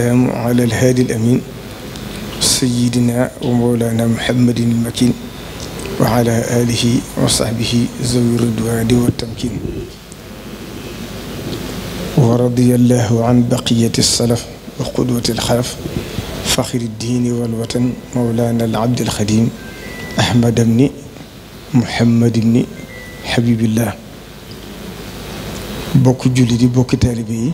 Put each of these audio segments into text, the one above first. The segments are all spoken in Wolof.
salaam ala alhaadi alamin sayidina wa mawlana muhammadin almakin wa ala alihi wa saxbihi zawi ridwaani wa tamkin wa radiya allahu an baqiyati alsalaf wa qudwati alxalaf faxri ddiini walwatan mawlana alabdi alxadim ahmad bni muhammad bni xabibillah bokk julli di bokk taalibe yi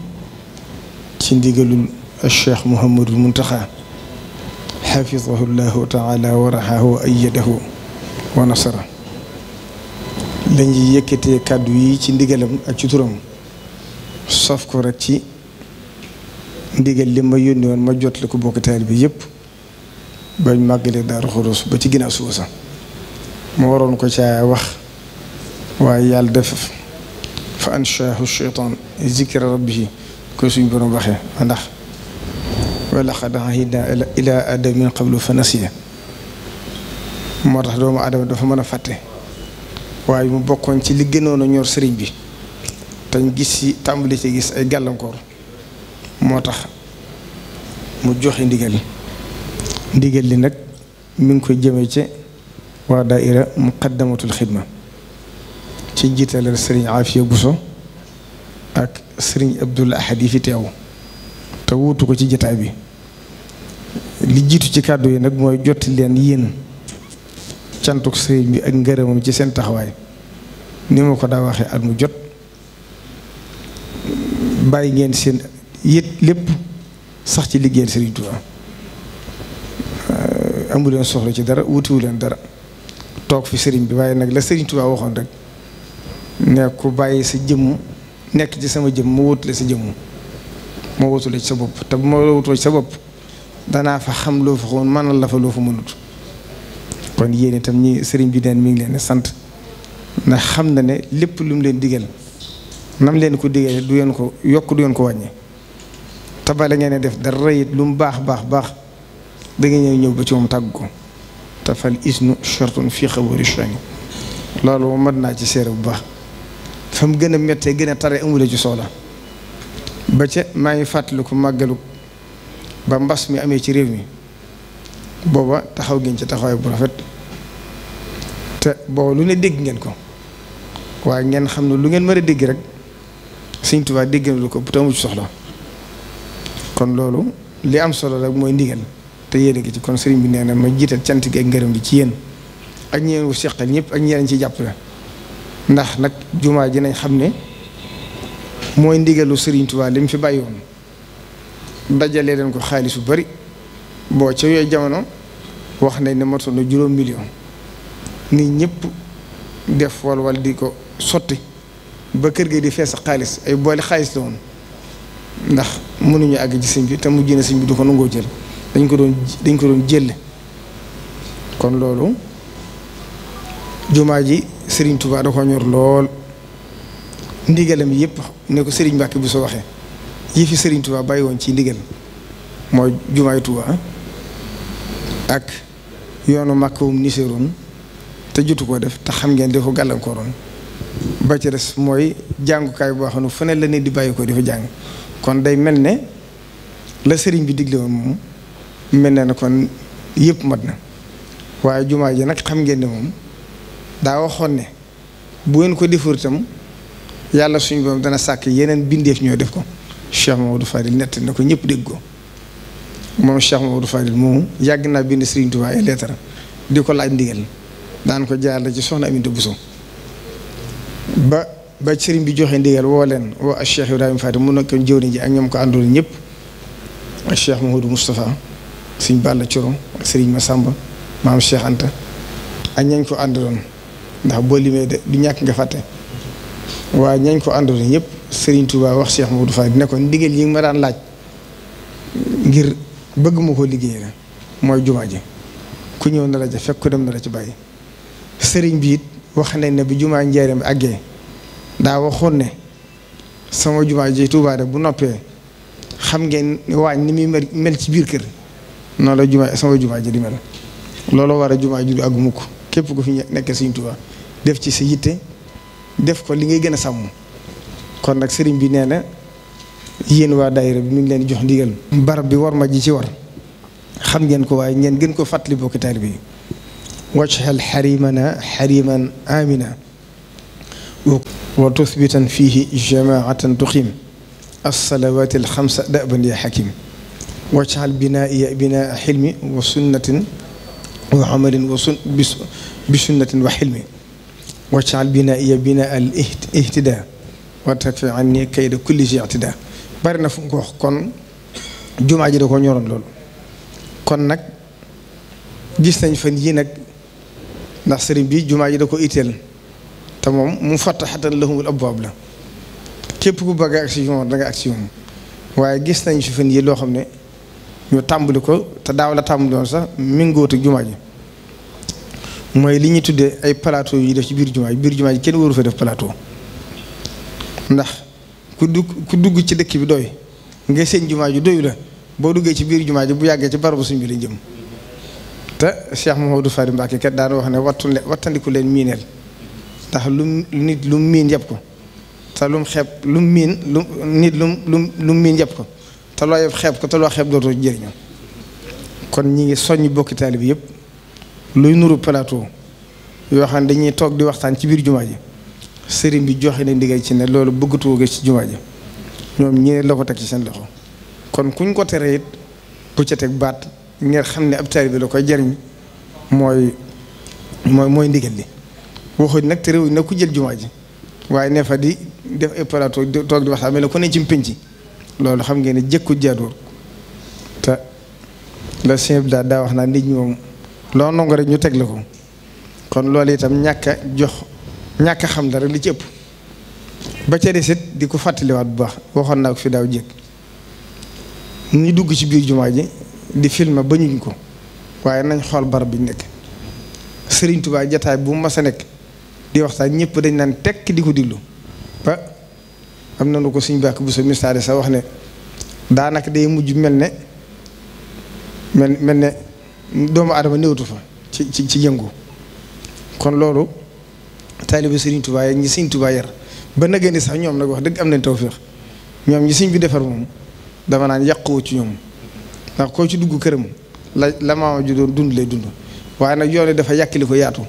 ci ndigalul alcheikh Mouhamadul Muntaxa xafidahu llahu taala a raxahu wa ayadahu wa nasara lañuy yëkkatee kàddu yi ci ndigalam ak ci turam saf ko rek ci ndigal li ma yónni woon ma jot la ko bokk taal bi yëpp bañ màggalee Daaru Xudoos ba ci ginnaaw suba sax ma waroon ko caa wax waaye yàlla def fa anshaahu cheytaan zikra rabbihi ko suñ borom waxee ndax walaqad ahidna ila adama min qablu fa nasiya moo tax doomu adama dafa mën a fàtte waaye mu bokkoon ci li gënoon a ñor sëriñ bi tañ gis ci tàmbali ci gis ay gàllankoor moo tax mu joxe ndigal ndigal li nag mi ngi koy jëme ci waa daaira muqaddamatul xidma ci jiitalal sëriñ Afiya Buso ak sëriñ Abdul Ahad yi fi teew te wuutu ko ci jataay bi li jiitu ci kàddu yi nag mooy jotti leen yéen cantuk sëriñ bi ak ngërëmam ci seen taxawaay ni ma ko daa waxee at mu jot bàyyi ngeen seen yët lépp sax ci liggéeyal sëriñ Tuubaa euh, amu leen soxla ci dara wutiwu leen dara toog fi sëriñ bi waaye nag la sëriñ Tuubaa waxoon rek ne ku bàyyi sa jëmm nekk ci sama jëmm mu wutule sa jëmm moo wutule ci sa bopp te bu ma wutoo ci sa bopp danaa fa xam loo fa man mënal la fa loo fa mënut kon yéen itam ñi sëriñ bi neen mi ngi leen di sant ndax xam na ne lépp lu mu leen digal nam leen ko digalee du ngeen ko yokk du ngeen ko wàññi tabale ngeen ne def dara it lu mu baax baax baax danga ngeen ñëw ba ci moom tàgg ko te fal isnu shortun fii xabaru shani loolu moom mën naa ci seere bu baax fa gën a méttee gën a tare amule ci soxla ba ca maa ngi fàttaliku màggalu ba mbas mi amee ci réew mi booba taxaw ngeen ci taxawaay bu rafet te booba lu ne dégg ngeen ko waaye ngeen xam ne lu ngeen mën a dégg rek Sëñ Tuubaa dégg na lu ko bu tamu ci soxla kon loolu li am solo rek mooy ndigal te yéen gi ci kon sëriñ bi nee na ma jiital cant ak ngërëm gi ci yéen ak ñeen wu seqal ñëpp ak ñeneen ci jàppale ndax nag jumaa ji nañ xam ne mooy ndigalu Sëriñ Tuubaa li mu fi bàyyi woon dajale leen ko xaalis bu bari boo ca yooyu jamono wax nañ ne motoon na juróom million nit ñëpp def walwal di ko sotti ba kër gi di fees xaalis ay boole xaalis la woon ndax mënuñu àgg ci sëñ bi te mu na sëñ bi du ko nangoo jël dañ ko doon dañ ko doon jël kon loolu jumaa ji sëriñ Touba da ko ñor lool ndigalam yëpp ne ko Serigne Mbacke bu soo waxee. yi sëriñ Serigne Touba bàyyi woon ci ndigal mooy jumaay Touba ak yoonu màkkawum niseroon te jutu koo def te xam ngeen dafa gàllankooroon ba ci des mooy jàngukaay boo xam ne fu ne la ne di bàyyi ko dafa jàng kon day mel ne la sëriñ bi digle woon moom mel ne na kon yépp mat na waaye jumaa ji nag xam ngeen ne moom daa waxoon ne bu ngeen ko defur itam yàlla suñu borom dana sàkk yeneen bindeef ñoo def ko Cheikh Mamadou Fadil nett na ko ñëpp dégg ko moom Cheikh Mamadou Fadil moomu yàgg naa bind Serigne Touba ay lettre di ko laaj ndigal daan ko jaarale ci soxna Aminta Bousso ba ba Serigne bi joxe ndigal woo leen woo ak Cheikh Ibrahima Fadil mu nekk jëwriñ ji ak ñoom ko àndoon ñëpp ak Cheikh Mamadou Moustapha Serigne Balla Coro ak Serigne Massamba maam Cheikh ak ñañ ko àndaloon ndax boo limee de du ñàkk nga fàtte waaye ñañ ko àndaloon ñëpp. Serigne Touba wax seex Cheikh Modou di ne ko ndigal yi ma daan laaj ngir bëgg ma koo liggéey la mooy jumaa ji ku ñëw na la ca fekk dem la ci bàyyi. Serigne bi it wax jumaa njaareem àggee daa waxoon ne sama jumaa ji Touba de bu noppee xam ngeen waañ ni muy mel ci biir kër noonu la jumaa sama jumaa ji di mel loolu war a jumaa ji du àgg mukk képp ku fi nekk Serigne Touba def ci sa yitte def ko li ngay gën a sàmm. kon nag sëriñ bi nee na yéen waa daayira bi mi ngi leen jox ndigal. barab bi war ma ji ci war xam ngeen ko waaye ngeen gën ko fàttali bokki taalibe bi wajhal xarimana xariman amina wa tusbitan fihi jamaatan tuqim alsalawat alxamsa daban ya xakim wajhal binaaiya binaa xilmi wa sunnatin wa amalin wa sun bi sunnatin wa xilmi wajhal binaaiya binaa al ihtidaa waxtaan fi an ni kayda kulli fi ictidaa bari na fu mu ko wax kon jumaa ji da koo ñoroon lool kon nag gis nañ fan yii nag ndax sëriñ bi jumaa ji da ko itteel te moom mu fattaxatan lahumul abwaab la képp ku bëgg ak si moom da ak si moom waaye gis nañ fi fan yii loo xam ne ñu tàmbali ko te daaw la tàmbali woon sax mingóotu jumaa ji mooy li ñu tuddee ay plateau yi def ci biir jumaa ji biir jumaa ji kenn waru fa def plateau ndax ku dugg ku dugg ci dëkk bi doy nga seen jumaa ju doy la boo duggee ci biir jumaa ji bu yàggee ci barabu suñ bi lañ jëm te Cheikh Mouhamadou Fari Mbacke kat daana wax ne wattu wattandiku leen miineel ndax lu nit lu miin yëpp ko te lum xeeb miin lu lum lum lum miin yëpp ko te loo yëpp xeeb ko te loo xeeb dootoo jëriñoo kon ñi ngi soññ bokki taalibe bi yëpp luy nuru plateau yoo xam ne dañuy toog di waxtaan ci biir jumaa ji sëriñ bi joxe na ndigal ci ne loolu bëggatu ko ci jumaa ji ñoom ñee la ko teg ci seen loxo kon kuñ ko tere it bu ca teg baat ngeen xam ne ab taalibe bi la koy jariñ mooy mooy mooy ndigal li waxuñ nag te réew na ku jël jumaa ji waaye ne fa def ay plateau toog di waxtaan mel ne ko ne ci pénc loolu xam ngeen ne jëkku jaaduwul te la sëñ bi daa wax naa nit ñi loo nangu rek ñu teg la ko kon loolu itam ñàkk a jox. ñàkk xam dara li ci ëpp ba cere desit di ko fàttaliwaat bu baax waxoon naa ko fi daaw jéeg ñu dugg ci biir jumaa ji di filmer ba ñuñ ko waaye nañ xool barab bi nekk sëriñ tubaay jataay bu mu mas nekk di waxtaan ñëpp dañ naan tekk di ko diglu ba am na nu ko suñ bàkk bu sa mistaare sa wax ne daanaka day mujj mel ne mel mel ne doomu aadama néewtu fa ci ci ci yëngu kon loolu taalibe Sëriñ Tuubaa yeeg ñi Sëriñ Tuubaa yar ba nagee ni sax ñoom nag wax dëgg am nañ tawféex ñoom ñi Sëriñ bi defar moom dama naan yàquwu ci ñoom ndax koo ci dugg këram la la maama ju doon dund lay dund waaye nag yoon dafa yàkkili ko yaatu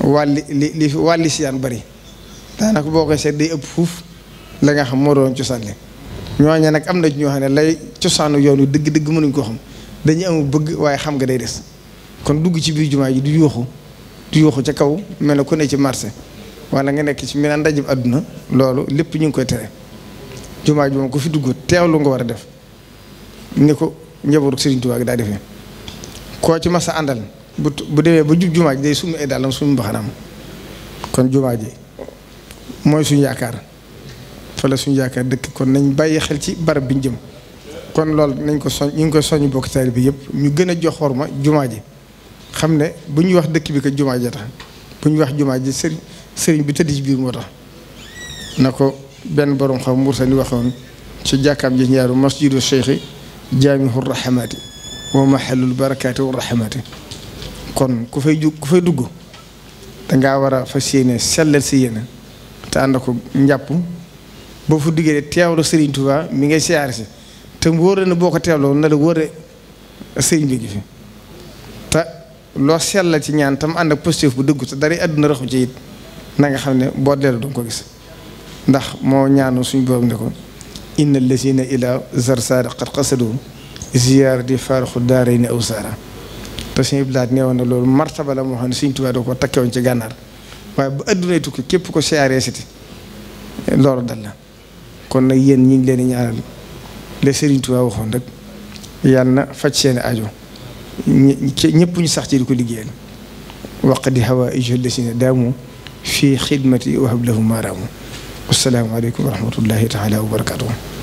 wàlli li li wàlli siyaan bari daanaka boo koy seet day ëpp fuuf la nga xam moo doon cosaan li ñooñu nag am na ñoo xam ne lay cosaanu yoon wi dëgg-dëgg mënuñ koo xam dañu amul bëgg waaye xam nga day des kon dugg ci biir jumaa ji du yuuxu di yuuxu ca kaw mel na ku ne ci marché wala nga nekk ci ndaje ndajib àdduna loolu lépp ñu ngi koy tere jumaa ji moom ku fi dugg teewlu nga war a def ni ko njabootu si Touba daa defee koo ci masa àndal bu demee ba jub jumaa ji day summi ay dàllam suñu mbaxanaam kon jumaa ji mooy suñ yaakaar fale la suñu yaakaar dëkk kon nañ bàyyi xel ci barab bi ñu jëm kon loolu nañ ko soñ ñu ngi koy soññ bokk taalibe bi yëpp ñu gën a jox ma jumaa ji xam ne bu ñuy wax dëkk bi ko jumaa ji tax bu ñuy wax jumaa ji sëriñ sëriñ bi tëdd ci biir moo tax na ko benn borom xam mursani waxoon ci jàkkaam ji ñaaru masjidu cheikhi jaamihu rahamaati wa mahalul barakaati wa rahamaati kon ku fay ju ku fay dugg dangaa war a fas yéene sellal si yéene te ànd ko njàpp boo fu diggee teewlu sëriñ Tuubaa mi ngay siyaar si te mu wóor na boo ko teewloo na la wóor sëriñ bi gi fi loo la ci ñaan tam ànd ak positif bu dëggu te dara àdduna raxu ci it na nga xam ne boo dellu du ko gis ndax moo ñaanu suñ borom ne ko inna lazina ila zarsaara qad qasadu ziyaar di faaraxu daara yi ne aw saara te suñu blaat nee woon na loolu martaba la moo xam ne suñu tubaab ko takkewoon ci gànnaar waaye bu àddunay tukki képp ko siyaaree siti loolu dal la kon nag yéen ñi ngi leen di ñaanal la Sëriñ Tuubaa waxoon rek yàlla na faj seen aajo ñëpp ñu sax ci di ko liggéeyal waqdi hawaaij allasina daamu fi xidmati wahab lahum maaraamu assalaamu aleykum wa rahmatullahi taala wa barakatuh